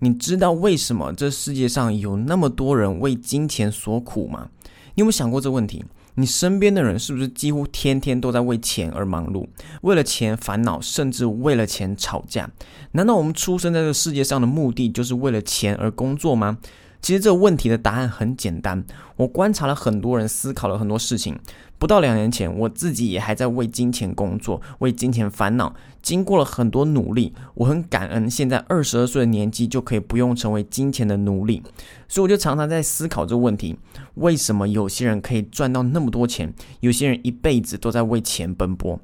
你知道為什麼這世界上有那麼多人為金錢所苦嗎？你有沒有想過這個問題？你身邊的人是不是幾乎天天都在為錢而忙碌，為了錢煩惱，甚至為了錢吵架？難道我們出生在這個世界上的目的就是為了錢而工作嗎？其實這個問題的答案很簡單，我觀察了很多人，思考了很多事情。不到兩年前，我自己也還在為金錢工作，為金錢煩惱。經過了很多努力，我很感恩現在二十二歲的年紀就可以不用成為金錢的奴隸。所以我就常常在思考這個問題：為什麼有些人可以賺到那麼多錢，有些人一輩子都在為錢奔波？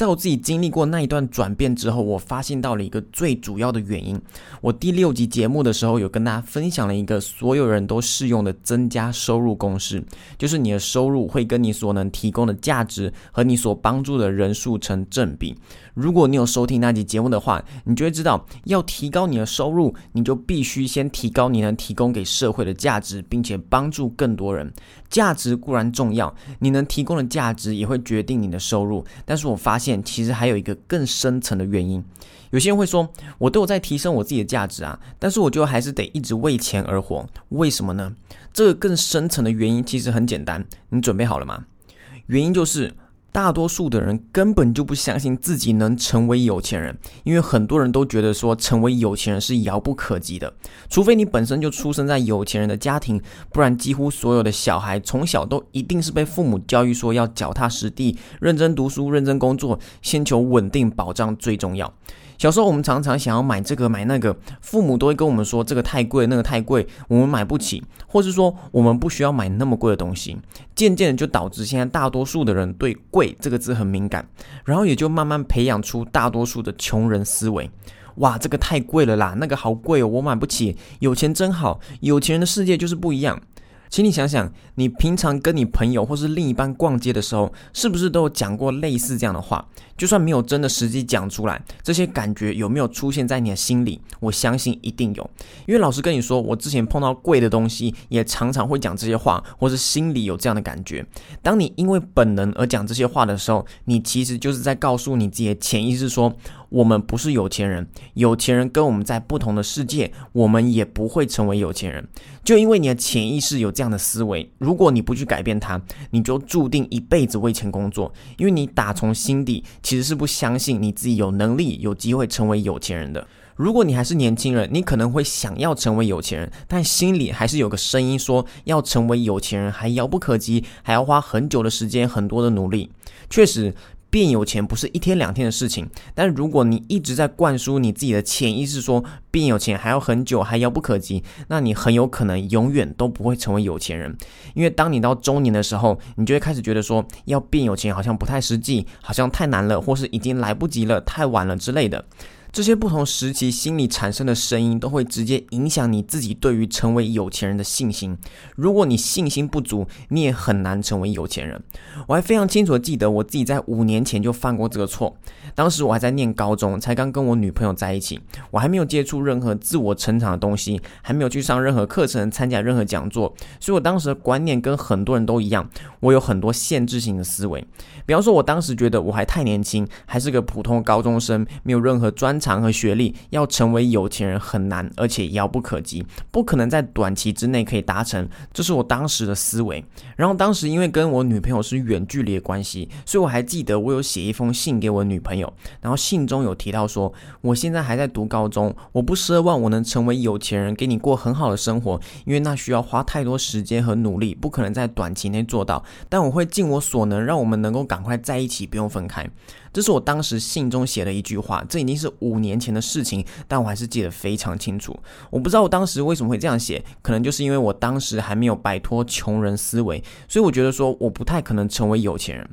在我自己經歷過那一段轉變之後，我發現到了一個最主要的原因。我第六集節目的時候有跟大家分享了一個所有人都適用的增加收入公式，就是你的收入會跟你所能提供的價值和你所幫助的人數成正比。如果你有收聽那集節目的話，你就會知道，要提高你的收入，你就必須先提高你能提供給社會的價值，並且幫助更多人。價值固然重要，你能提供的價值也會決定你的收入。但是我發現，其實還有一個更深層的原因，有些人會說，我都有在提升我自己的價值啊，但是我就還是得一直為錢而活，為什麼呢？這個更深層的原因其實很簡單，你準備好了嗎？原因就是。大多數的人根本就不相信自己能成為有錢人，因為很多人都覺得說成為有錢人是遙不可及的。除非你本身就出生在有錢人的家庭，不然幾乎所有的小孩從小都一定是被父母教育說要腳踏實地、認真讀書、認真工作，先求穩定保障最重要。小時候，我們常常想要買這個買那個，父母都會跟我們說這個太貴，那個太貴，我們買不起，或是說我們不需要買那麼貴的東西。漸漸的，就導致現在大多數的人對“貴”這個字很敏感，然後也就慢慢培養出大多數的窮人思維。哇，這個太貴了啦，那個好貴哦，我買不起。有錢真好，有錢人的世界就是不一樣。請你想想，你平常跟你朋友或是另一半逛街的時候，是不是都有講過類似這樣的話？就算沒有真的實際講出來，這些感覺有沒有出現在你的心裡？我相信一定有，因為老實跟你說，我之前碰到貴的東西，也常常會講這些話，或是心裡有這樣的感覺。當你因為本能而講這些話的時候，你其實就是在告訴你自己的潛意識說。我們不是有錢人，有錢人跟我們在不同的世界，我們也不會成為有錢人。就因為你的潛意識有這樣的思維，如果你不去改變它，你就注定一輩子為錢工作，因為你打從心底其實是不相信你自己有能力、有機會成為有錢人的。如果你還是年輕人，你可能會想要成為有錢人，但心裡還是有個聲音說，要成為有錢人還遙不可及，還要花很久的時間、很多的努力。確實。變有錢不是一天兩天的事情，但如果你一直在灌輸你自己的潛意識說，變有錢還要很久，還遙不可及，那你很有可能永遠都不會成為有錢人。因為當你到中年的時候，你就會開始覺得說要變有錢好像不太實際，好像太難了，或是已經來不及了，太晚了之類的。這些不同時期心裡產生的聲音都會直接影響你自己對於成為有錢人的信心。如果你信心不足，你也很難成為有錢人。我還非常清楚地記得，我自己在五年前就犯過這個錯。當時我還在念高中，才剛跟我女朋友在一起，我還沒有接觸任何自我成長的東西，還沒有去上任何課程，參加任何講座。所以我當時的觀念跟很多人都一樣，我有很多限制性的思維。比方說，我當時覺得我還太年輕，還是個普通高中生，沒有任何專長和學歷要成為有錢人很難，而且遙不可及，不可能在短期之內可以達成，這是我當時的思維。然後當時因為跟我女朋友是遠距離的關係，所以我還記得我有寫一封信給我女朋友，然後信中有提到說，我現在還在讀高中，我不奢望我能成為有錢人，給你過很好的生活，因為那需要花太多時間和努力，不可能在短期內做到。但我會盡我所能，讓我們能夠趕快在一起，不用分開。這是我當時信中寫的一句話，這已經是五年前的事情，但我還是記得非常清楚。我不知道我當時為什麼會這樣寫，可能就是因為我當時還沒有擺脫窮人思維，所以我覺得說我不太可能成為有錢人。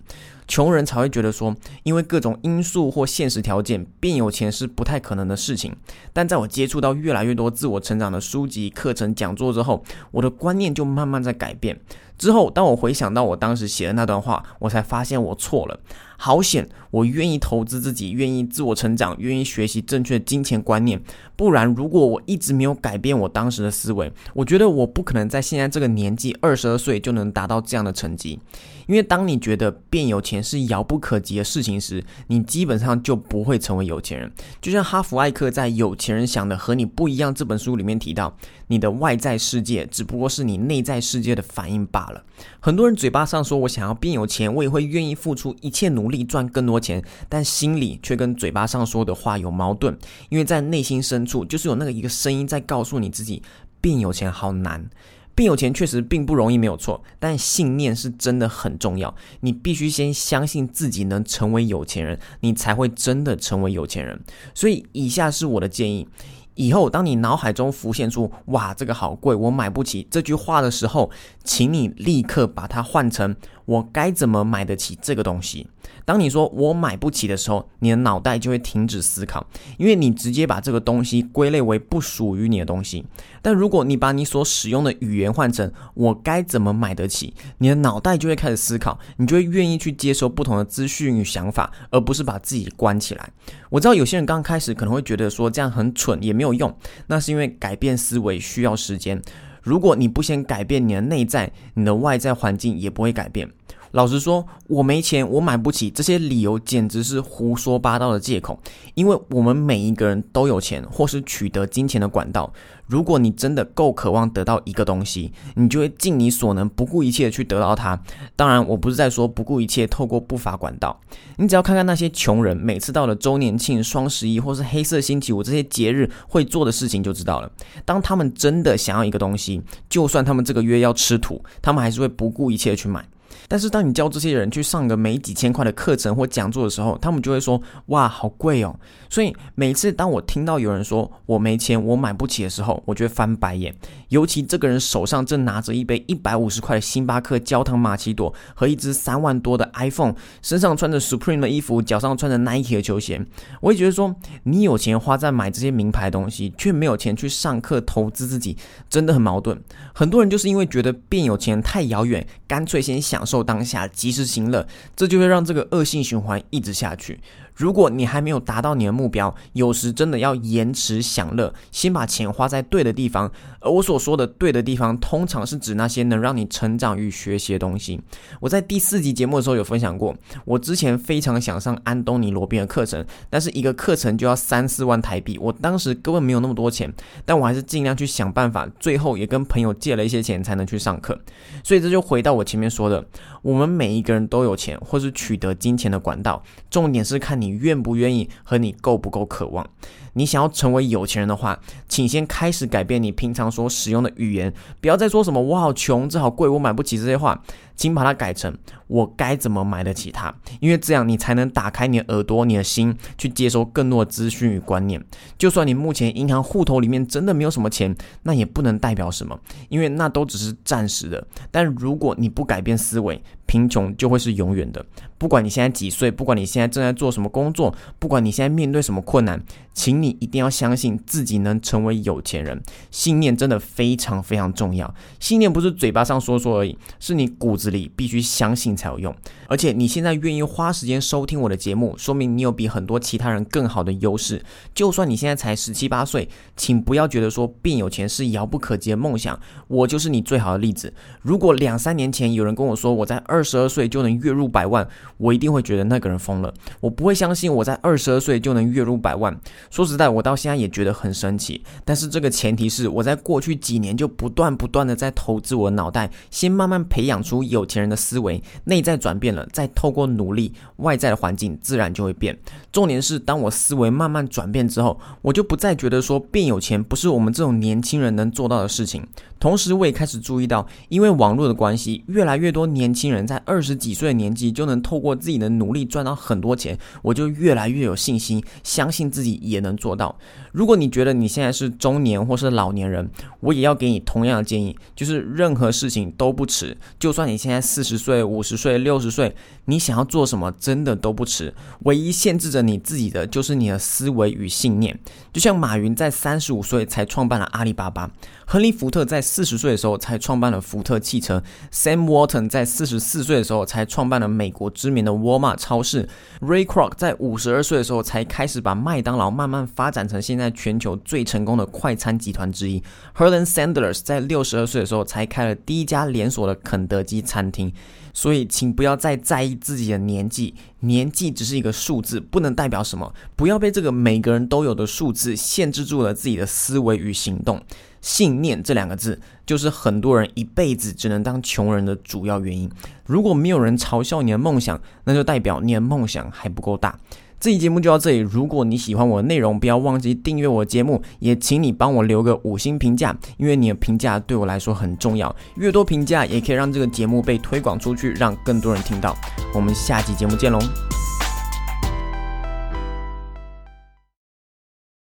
窮人才會覺得說，因為各種因素或現實條件變有錢是不太可能的事情。但在我接觸到越來越多自我成長的書籍、課程、講座之後，我的觀念就慢慢在改變。之後，當我回想到我當時寫的那段話，我才發現我錯了。好險！我願意投資自己，願意自我成長，願意學習正確的金錢觀念。不然，如果我一直沒有改變我當時的思維，我覺得我不可能在現在這個年紀，二十二歲就能達到這樣的成績。因為當你覺得變有錢是遙不可及的事情時，你基本上就不會成為有錢人。就像哈福艾克在《有錢人想的和你不一樣》這本書裡面提到，你的外在世界只不過是你內在世界的反應罷了。很多人嘴巴上說我想要變有錢，我也會願意付出一切努。努力賺更多錢，但心裡卻跟嘴巴上說的話有矛盾，因為在內心深處就是有那個一個聲音在告訴你自己：變有錢好難，變有錢確實並不容易，沒有錯。但信念是真的很重要，你必須先相信自己能成為有錢人，你才會真的成為有錢人。所以，以下是我的建議：以後當你腦海中浮現出“哇，這個好貴，我買不起”這句話的時候，請你立刻把它換成。我該怎麼買得起這個東西？當你說我買不起的時候，你的腦袋就會停止思考，因為你直接把這個東西歸類為不屬於你的東西。但如果你把你所使用的語言換成“我該怎麼買得起”，你的腦袋就會開始思考，你就會願意去接受不同的資訊與想法，而不是把自己關起來。我知道有些人剛開始可能會覺得說這樣很蠢，也沒有用，那是因為改變思維需要時間。如果你不先改變你的內在，你的外在環境也不會改變。老實說，我沒錢，我買不起，這些理由簡直是胡說八道的借口。因為我們每一個人都有錢，或是取得金錢的管道。如果你真的夠渴望得到一個東西，你就會盡你所能，不顧一切的去得到它。當然，我不是在說不顧一切透過不法管道。你只要看看那些窮人，每次到了周年慶、雙十一或是黑色星期五這些節日會做的事情就知道了。當他們真的想要一個東西，就算他們這個月要吃土，他們還是會不顧一切的去買。但是當你教這些人去上個沒幾千塊的課程或講座的時候，他們就會說：“哇，好貴哦！”所以每次當我聽到有人說“我沒錢，我買不起”的時候，我就會翻白眼。尤其這個人手上正拿着一杯一百五十塊的星巴克焦糖瑪奇朵和一支三萬多的 iPhone，身上穿着 Supreme 的衣服，腳上穿着 Nike 的球鞋，我也覺得說：“你有錢花在買這些名牌東西，卻沒有錢去上課投資自己，真的很矛盾。”很多人就是因為覺得變有錢太遙遠，乾脆先享受。當下及時行樂，這就會讓這個惡性循環一直下去。如果你還沒有達到你的目標，有時真的要延遲享樂，先把錢花在對的地方。而我所說的“對的地方”，通常是指那些能讓你成長與學習的東西。我在第四集節目的時候有分享過，我之前非常想上安東尼·羅賓的課程，但是一個課程就要三四萬台幣，我當時根本沒有那麼多錢，但我還是盡量去想辦法，最後也跟朋友借了一些錢才能去上課。所以這就回到我前面說的，我們每一個人都有錢，或是取得金錢的管道，重點是看你，你願不願意，和你夠不夠渴望？你想要成為有錢人的話，請先開始改變你平常所使用的語言，不要再說什麼“我好窮”“這好貴”“我買不起”這些話，請把它改成“我該怎麼買得起它”，因為這樣你才能打開你的耳朵、你的心，去接收更多的資訊與觀念。就算你目前銀行戶頭裡面真的沒有什麼錢，那也不能代表什麼，因為那都只是暫時的。但如果你不改變思維，貧窮就會是永遠的。不管你現在幾歲，不管你現在正在做什麼工作，不管你現在面對什麼困難，請你。你一定要相信自己能成為有錢人，信念真的非常非常重要。信念不是嘴巴上說說而已，是你骨子裡必須相信才有用。而且你現在願意花時間收聽我的節目，說明你有比很多其他人更好的優勢。就算你現在才十七八歲，請不要覺得說變有錢是遙不可及的夢想。我就是你最好的例子。如果兩三年前有人跟我說我在二十二歲就能月入百萬，我一定會覺得那個人瘋了。我不會相信我在二十二歲就能月入百萬。說實在。但我到現在也覺得很神奇，但是這個前提是我在過去幾年就不斷不斷的在投資我的腦袋，先慢慢培養出有錢人的思維，內在轉變了，再透過努力，外在的環境自然就會變。重點是當我思維慢慢轉變之後，我就不再覺得說變有錢不是我們這種年輕人能做到的事情。同時，我也開始注意到，因為網絡的關係，越來越多年輕人在二十幾歲的年紀就能透過自己的努力賺到很多錢，我就越來越有信心，相信自己也能。做到。如果你覺得你現在是中年或是老年人，我也要給你同樣的建議，就是任何事情都不遲。就算你現在四十歲、五十歲、六十歲，你想要做什麼，真的都不遲。唯一限制着你自己的，就是你的思維與信念。就像馬雲在三十五歲才創辦了阿里巴巴，亨利·福特在四十歲的時候才創辦了福特汽車，Sam Walton 在四十四歲的時候才創辦了美國知名的沃爾瑪超市，Ray Kroc 在五十二歲的時候才開始把麥當勞慢慢。發展成現在全球最成功的快餐集團之一。Harland Sanders 在六十二歲的時候才開了第一家連鎖的肯德基餐廳。所以，請不要再在意自己的年紀，年紀只是一個數字，不能代表什麼。不要被這個每個人都有的數字限制住了自己的思維與行動。信念這兩個字，就是很多人一輩子只能當窮人的主要原因。如果沒有人嘲笑你的夢想，那就代表你的夢想還不夠大。這期節目就到這裡，如果你喜歡我的內容，不要忘記訂閱我的節目，也請你幫我留個五星評價，因為你的評價對我來說很重要，越多評價也可以讓這個節目被推廣出去，讓更多人聽到。我們下期節目見嘍！